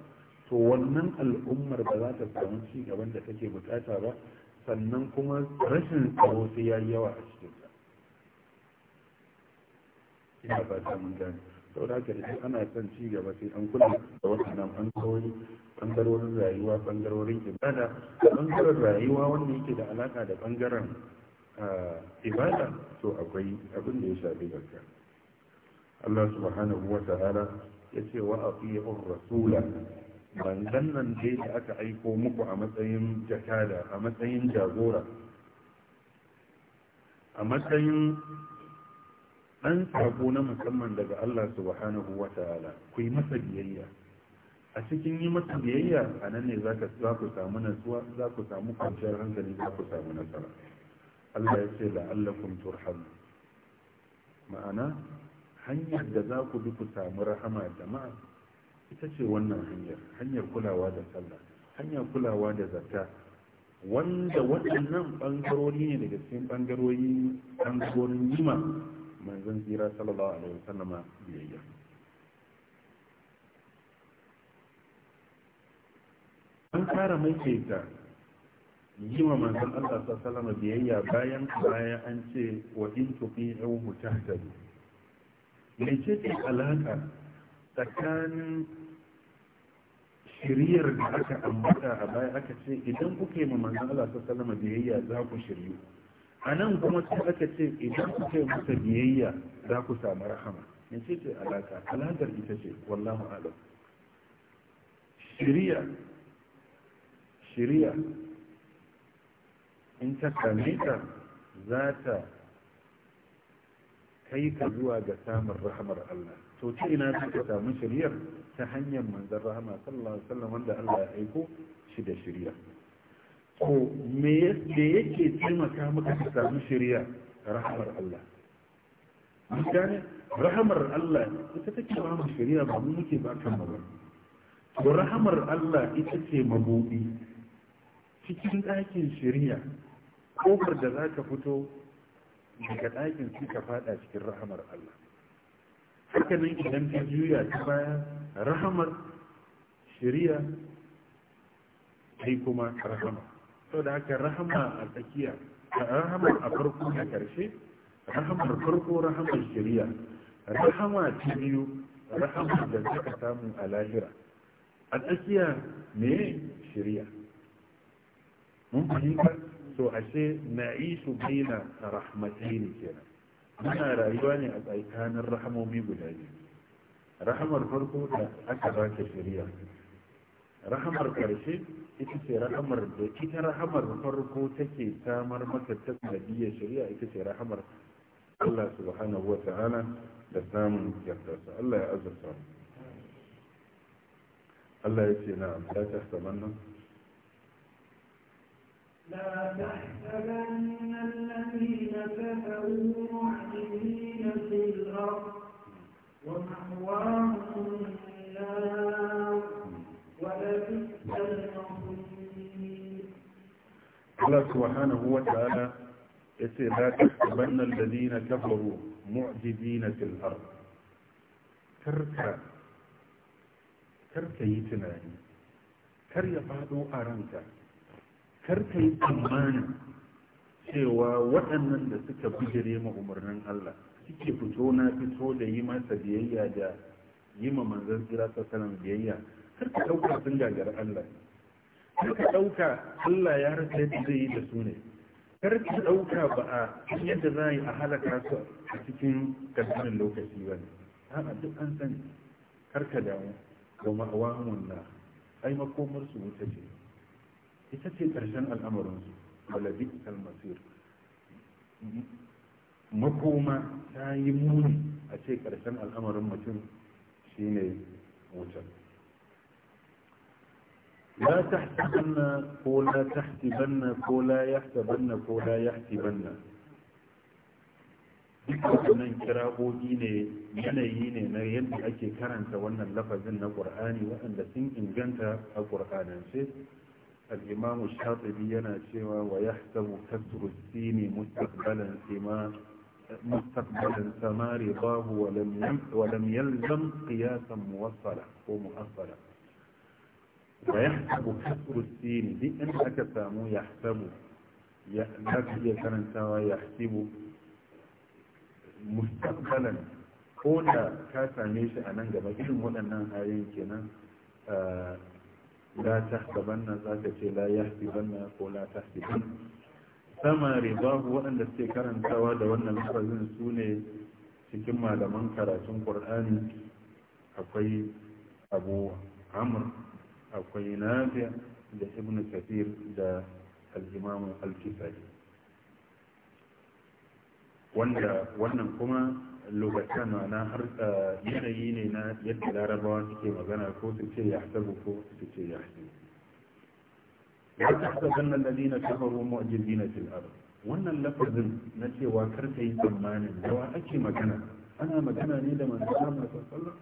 to wannan al'ummar ba za ta samu ci gaban da take bukata ba sannan kuma rashin tsaro sai ya yi yawa a cikin ta. ina ba ta mun gane sau da haka ana son ci gaba sai an kula da an ɓangarori ɓangarorin rayuwa ɓangarorin ibada ɓangaren rayuwa wanda yake da alaka da bangaren eh, ibada to akwai abin da ya shafi gaskiya Allah subhanahu wa ta'ala ya ce wa aqiyur rasula manzan nan dai da aka aiko muku a matsayin jakada a matsayin jagora a matsayin ɗan sako na musamman daga Allah subhanahu wa ta'ala ku yi masa biyayya a cikin yi masa biyayya a nan ne za ku samu nasuwa za ku samu kwanciyar hankali za ku samu nasara Allah ya ce la'allakum turhamu ma'ana hanyar da za ku bi ku samu rahama jama'a ita ce wannan hanyar hanyar kulawa da sallah hanyar kulawa da zakka wanda waɗannan ɓangarori ne daga cikin ɓangarori ɓangarorin yima manzon zira sallallahu alaihi wasallama biyayya an fara mai yi wa manzon Allah sallama biyayya bayan baya an ce wa in tuqi'u me ce alaka tsakanin shiriyar da aka ambata a baya aka ce idan kuke ma manzon Allah ta salama biyayya za ku shiryu a nan kuma sai aka ce idan kuke masa biyayya za ku samu rahama in ce ce alaka alakar ita ce wallahu alam shiriya shiriya in ta same ka za ta kai ka zuwa ga samun rahamar Allah to ta ina ka samu shari'ar ta hanyar manzan rahama sallallahu alaihi wasallam wanda Allah ya aiko shi da shiriya ko me yake taimaka maka ka samu shiriya rahamar Allah mutane rahamar Allah ita take ba mu shiriya ba mu muke ba kan ba to rahamar Allah ita ce mabudi cikin ɗakin shiriya kofar da za ka fito daga ɗakin suka fada cikin rahamar Allah haka nan idan ka juya ta baya rahamar shari'a sai kuma rahama sau da haka rahama a tsakiya rahama a farko a karshe rahamar farko rahamar shari'a rahama ta biyu rahamar da zaka samu a lahira a tsakiya ne shari'a mun fahimta so ashe na'ishu baina rahmataini kenan أنا رأيواني الأيتان الرحمو مي بلاي رحم الفرقو أكباك الشريعة رحم الكرشي إتسي رحم الرجل كيت رحم الفرقو تكي تامر مكتب نبي الشريعة إتسي رحم الله سبحانه وتعالى لسام يقدس الله عز وجل الله يسي نعم لا تحتمنا لا تحسبن الذين كفروا خالدين في الأرض ومأواهم النار ولبئس المصير الله سبحانه وتعالى لا تحسبن الذين كفروا معجزين في الأرض كركا كركا يتناهي كر يفادوا أرانكا كركا يتمانا cewa waɗannan da suka bijire ma umarnin Allah suke fito na fito da yi masa biyayya da yi ma manzan jira ta sanar biyayya kar ka ɗauka sun gagar Allah kar ka ɗauka Allah ya rasa yadda zai yi da su ne kar ka ɗauka ba a yadda za a yi a halaka su a cikin ƙarfin lokaci ba ne a'a duk an sani kar ka damu ga ma'awamun na ai makomar su wuta ce ita ce ƙarshen su walabi masir makoma ta yi muni a ce ƙarshen al'amarin mutum shine wutar لا تحسبن ولا تحسبن ولا يحسبن ولا يحسبن wannan kiragogi ne yanayi ne na yadda ake karanta wannan lafazin na ƙur'ani waɗanda sun inganta a ƙur'anance الإمام الشاطبي يناشيوا ويحسب كثر الدين مستقبلا إمام مستقبلا فما رضاه ولم ولم يلزم قياسا موصلا ومؤصلا ويحسب كثر الدين بأن كثامو يحسب يأتي كرنسا مستقبلا هنا كاسا ميشي أنا جمع إلم ولنا كنا آه، لا tahsabanna ذاك ce لا yahsibanna ولا la فما رضاه وان waɗanda suke karantawa da wannan lafazin sune cikin malaman karatun ƙur'ani akwai abu amr akwai Nafi da ibn kafir da al alkisari wanda wannan kuma lokacin na har eh, yanayi ne na yadda larabawa suke magana ko su ce ya sabu ko su ce ya hasabu ya ta hasaban nan lalina ta a mu'ajibi na fil'ar wannan lafazin na cewa kar ka yi tsammanin yawa ake magana ana magana ne da sama Allah sallallahu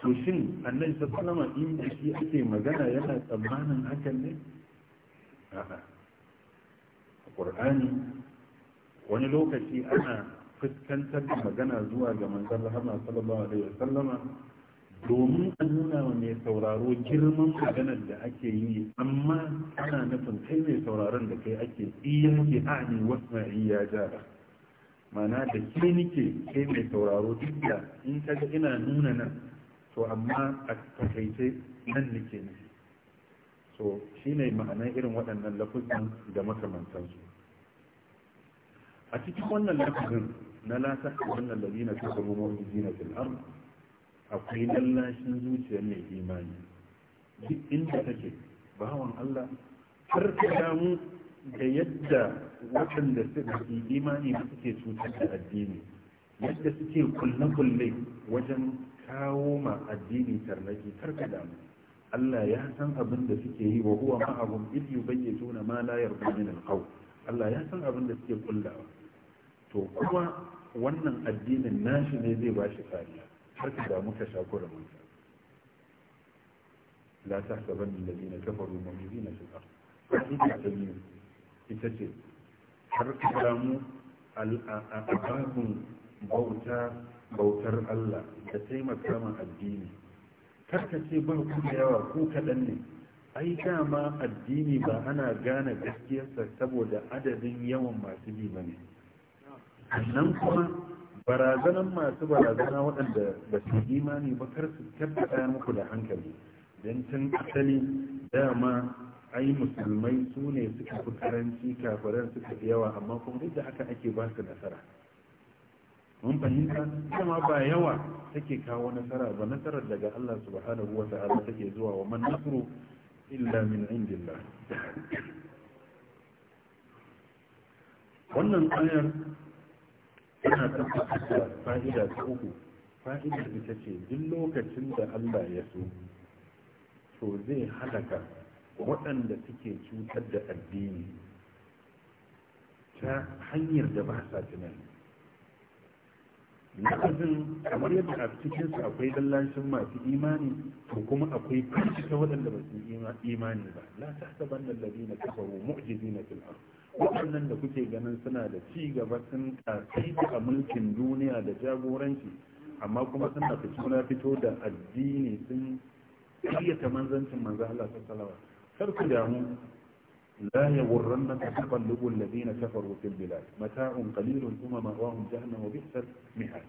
to shin annabi sallallahu alaihi in da shi ake magana yana tsammanin hakan ne a'a ƙur'ani wani lokaci ana fuskantar da magana zuwa ga manzon rahama sallallahu alaihi wasallama domin an nuna wa mai sauraro girman maganar da ake yi amma ana nufin kai mai sauraron da kai ake iya ke ani wasu ya jara mana da ke nike kai mai sauraro duk da in ka ga ina nuna nan to amma a takaice nan nike ne so ne ma'anar irin waɗannan lafuzan da makamantansu a cikin wannan lafazin na la tahsabanna alladhina kafaru mu'minina fil ard akwai lallashin zuciyar mai imani duk inda take bawan Allah har ka damu da yadda waɗanda suka imani da suke cutar da addini yadda suke kulle-kulle wajen kawo ma addini tarnaki kar ka damu Allah ya san abin da suke yi wa huwa ma'ahum id tuna ma la yarda min al Allah ya san abin da suke kullawa to kuma wannan addinin nashi ne zai ba shi kariya har ka damu ka sha kura mansa la ta saban lalazina kafaru mamizina shi ba ka ta biyu ita ce har ka damu al'adun bauta bautar Allah da taimaka ma addini Kar ka ce ba ku da yawa ku kaɗan ne ai dama addini ba ana gane gaskiyarsa saboda adadin yawan masu bi ba ne sannan kuma barazanan masu barazana waɗanda ba su imani ba kar su maku muku da hankali don can asali dama ai musulmai su ne suka fi karanci kafiran suka fi yawa amma kuma duk da haka ake ba su nasara mun fahimta kuma ba yawa take kawo nasara ba nasarar daga Allah subhanahu wa ta'ala take zuwa wa man nasru illa min indillah wannan ayar yana tabbatar da fa'ida ta uku fa'ida ita ce duk lokacin da Allah ya so to zai halaka waɗanda suke cutar da addini ta hanyar da ba sa tunani lafazin kamar yadda a cikin su akwai dallashin masu imani to kuma akwai bincika waɗanda ba su imani ba la tahsabanna na kafaru mu'jizina na fil'ar waɗannan da kuke ganin suna da ci gaba sun tafi a mulkin duniya da jagoranci amma kuma suna fito fito da addini sun ƙaryata manzancin manzo Allah sallallahu alaihi kar ku damu la yaghurrannaka taqallubu alladhina kafaru fil bilad mata'un qalilun thumma ma'awahum jahannam wa bi'sal mihad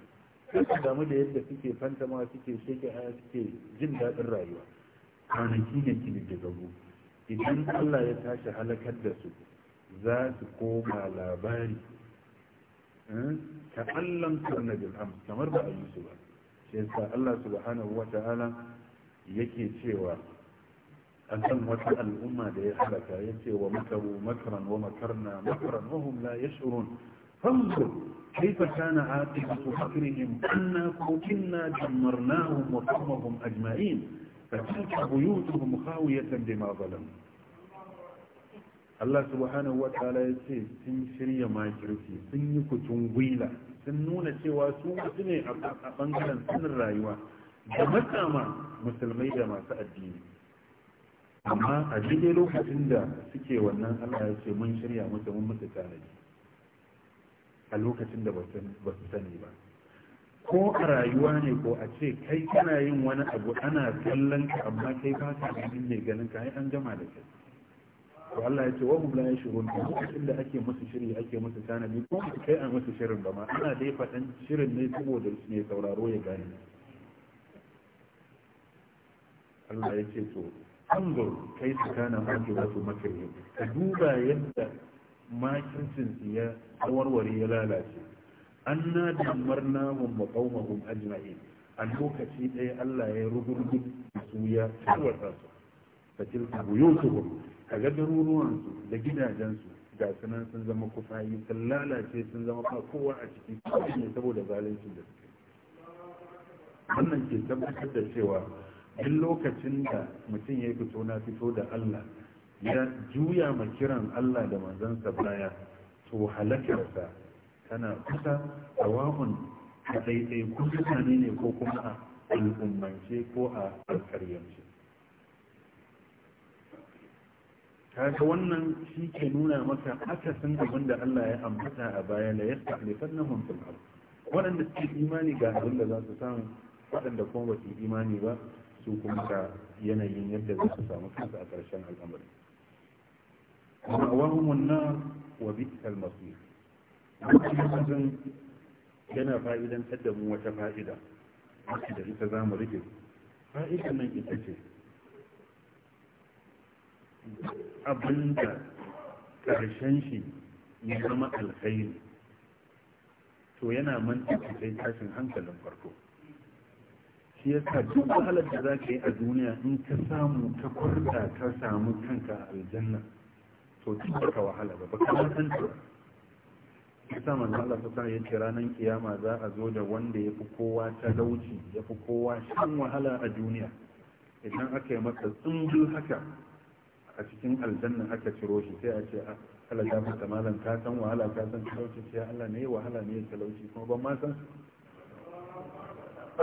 kar ku damu da yadda suke fantama suke sheke aya suke jin daɗin rayuwa kwanaki ne kididdigaggu idan Allah ya tashi halakar da su za su koma labari eh, ta'allam karna bil'am kamar ba a yi su ba shi yasa Allah subhanahu wa ta'ala yake cewa a kan wata al'umma da ya halaka ya ce wa makaru makaran wa makarna makaran wa hum la yash'urun fanzur kaifa kana aqibatu makrihim anna kunna damarnahum wa qawmahum ajma'in فتلك بيوتهم خاوية بما ظلموا Allah subhanahu wa ta'ala ya ce sun shirya makirci sun yi kutun gwila sun nuna cewa su wasu ne a bangaren sanin rayuwa da makama musulmai da masu addini amma a jirgin lokacin da suke wannan Allah ya ce mun shirya musu mun musu tanadi a lokacin da ba su sani ba ko a rayuwa ne ko a ce kai kana yin wani abu ana kallon ka amma kai ba ka ganin mai ganin ka an gama da kai to Allah ya ce wa la yashurun lokacin da ake musu shiri ake musu tanadi ko kai an musu shirin ba ma ana dai faɗan shirin ne saboda ne sauraro ya gane Allah ya ce to anzur kai su kana maki wasu makirin ka duba yadda makincin su ya warware ya lalace an na damar namun maƙaumahun ajma'in a lokaci ɗaya Allah ya rugurgu su ya tarwata su fatil buyutuhum Ka kaga su da gidajensu ga sunan sun zama kufayi sun lalace sun zama ba kowa a ciki ne saboda zalunci da suke wannan ke tabbatar da cewa duk lokacin da mutum ya fito na fito da Allah ya juya ma kiran Allah da manzansa baya to halakarsa tana kusa tsawahun a ɗaiɗai mutane ne ko kuma a al'ummance ko a alkaryance kaga wannan shi ke nuna maka akasin abin da Allah ya ambata a baya la yastahlifannahum fil ard waɗanda suke imani ga abin da za su samu waɗanda kuma ba su imani ba su kuma ka yanayin yadda za su samu kansu a ƙarshen al'amari ma'awahum an wa bi'sal masir wannan yana fa'idan da mu wata fa'ida wacce da ita za mu rike fa'idan nan ita ce abinda karshen shi ya zama alkhairi to yana manta sai tashin hankalin farko shi yasa duk wahalar da za ka yi a duniya in ka samu ta kurda ta samu kanka a aljanna to duk ka wahala ba ba kamar san ta yasa man Allah ta ya ce ranar kiyama za a zo da wanda ya fi kowa talauci ya fi kowa shan wahala a duniya idan aka yi masa tsundul haka a cikin aljanna aka ciro shi sai a ce a ah, Allah ta mata malam ka san wahala ka san talauci sai Allah ne wahala ne talauci kuma ban ma san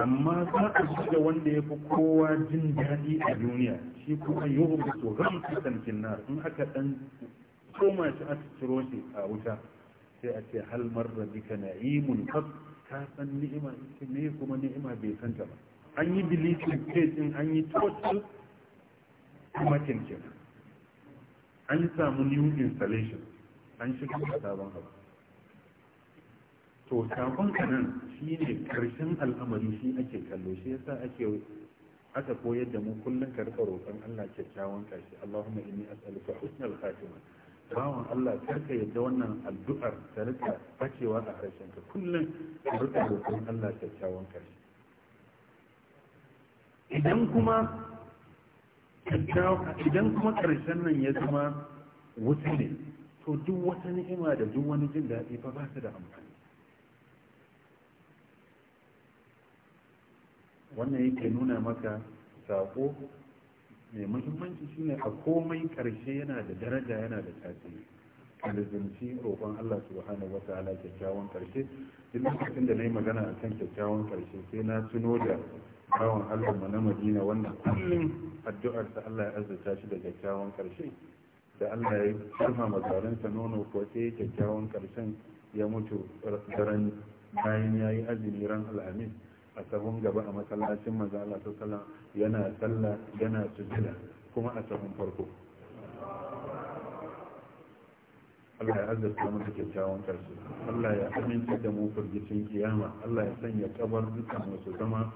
amma za a shiga wanda ya fi kowa jin daɗi a duniya shi kuma yi rubutu ran kusan kinnar in aka ɗan koma shi aka ciro shi a wuta sai a ce hal marra bika na'imun kaf ka san ni'ima ita ne kuma ni'ima bai san ta ba an yi deleting page an yi total kuma kinkin an yi samu new installation an shiga da sabon abu to sabon kanan shi ne karshen al'amari shi ake kallo shi yasa ake aka koyar da mu kullum ka roƙon Allah kyakkyawan kashi Allahumma inni as'aluka husnal khatima bawan Allah karka yadda wannan addu'ar ta rika bacewa a harshen ka kullum ka roƙon Allah kyakkyawan kashi idan kuma idan kuma ƙarshen nan ya zama wuta ne to duk wata ni'ima da duk wani jin daɗi fa ba su da amfani wannan yake nuna maka saƙo mai muhimmanci shine a komai ƙarshe yana da daraja yana da tasiri da zunci roƙon Allah subhanahu wataala kyakkyawan ƙarshe duk lokacin da na yi magana akan kyakkyawan ƙarshe sai na tuno da bawan Allah mu na Madina wannan kullum addu'ar sa Allah ya azurta shi da kyakkyawan karshe da Allah ya shirma mazarin nono ko sai kyakkyawan karshen ya mutu daren bayan yayi azumi ran al'amin a sabon gaba a masallacin manzo Allah sallallahu yana sallah yana sujjada kuma a sabon farko Allah ya azurta mu da kyakkyawan karshe Allah ya amince da mu firgicin kiyama Allah ya sanya kabar dukkan mu su zama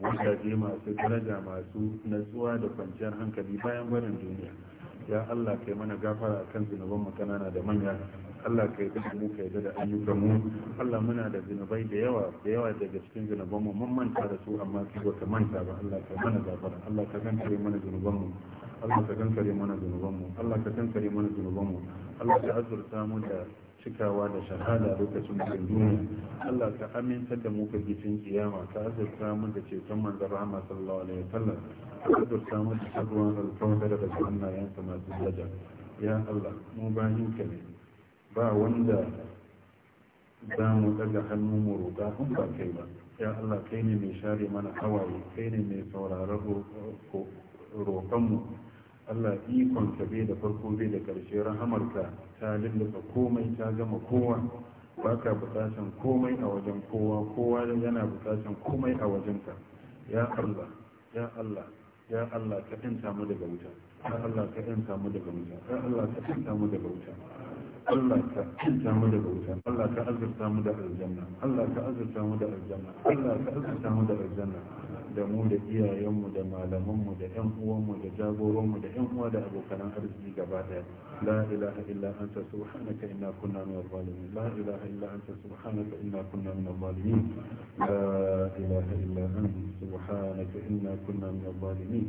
wajaje masu daraja masu natsuwa da kwanciyar hankali bayan gwanin duniya ya Allah kai mana gafara a kan zinuban mu da manya Allah kai da mu kai da ayyukan mu Allah muna da zinubai da yawa da yawa daga cikin zinuban mu mun manta da su amma su ba ta manta ba Allah kai mana gafara Allah ka kankare mana zinuban mu Allah ka kankare mana zinuban mu Allah ka kankare mana zinuban mu Allah ka azurta mu da cikawa da shahada lokacin cikin duniya Allah ka aminta da mu gicin kiyama ka azurta mu da ceton manzon rahama sallallahu alaihi wasallam ka azurta mu da sabon alfawar da daga hannayensa masu daraja ya Allah mu bayin ka ne ba wanda za mu daga hannu mu roƙa kun ba kai ba ya Allah kai ne mai share mana hawaye kai ne mai sauraron roƙonmu Allah ikon ka bai da farko bai da ƙarshe rahamarka ta lulluka komai ta gama kowa ba ka bukatan komai a wajen kowa kowa yana bukatan komai a ka ya Allah ya Allah ya Allah ka ɗin samu daga wuta ya Allah ka ɗin samu daga wuta ya Allah ka ɗin samu daga wuta Allah ka azurta mu da Allah ka azurta mu da aljanna Allah ka azurta mu da aljanna Allah ka azurta mu da aljanna da mu da iyayenmu da malamanmu da ƴan uwanmu da jagoranmu da ƴan uwa da abokan arziki gaba daya la ilaha illa anta subhanaka inna kunna minal zalimin la ilaha illa anta subhanaka inna kunna minal zalimin la ilaha illa anta subhanaka inna kunna minal zalimin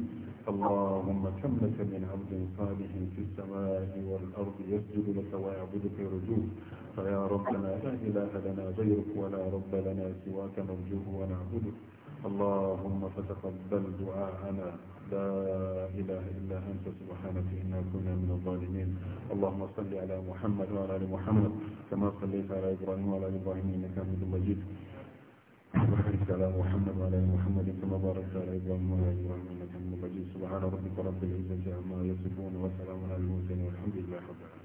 اللهم كم لك من عبد صالح في السماء والأرض يسجد لك ويعبدك رجوك فيا ربنا لا إله لنا غيرك ولا رب لنا سواك نرجوه ونعبده اللهم فتقبل دعاءنا لا إله إلا أنت سبحانك إنا كنا من الظالمين اللهم صل على محمد وعلى آل محمد كما صليت على إبراهيم وعلى آل إبراهيم إنك حميد مجيد وبارك على محمد وعلى محمد كما باركت على إبراهيم وعلى إبراهيم إنك حميد مجيد سبحان ربك رب العزة عما يصفون وسلام على المرسلين والحمد لله رب العالمين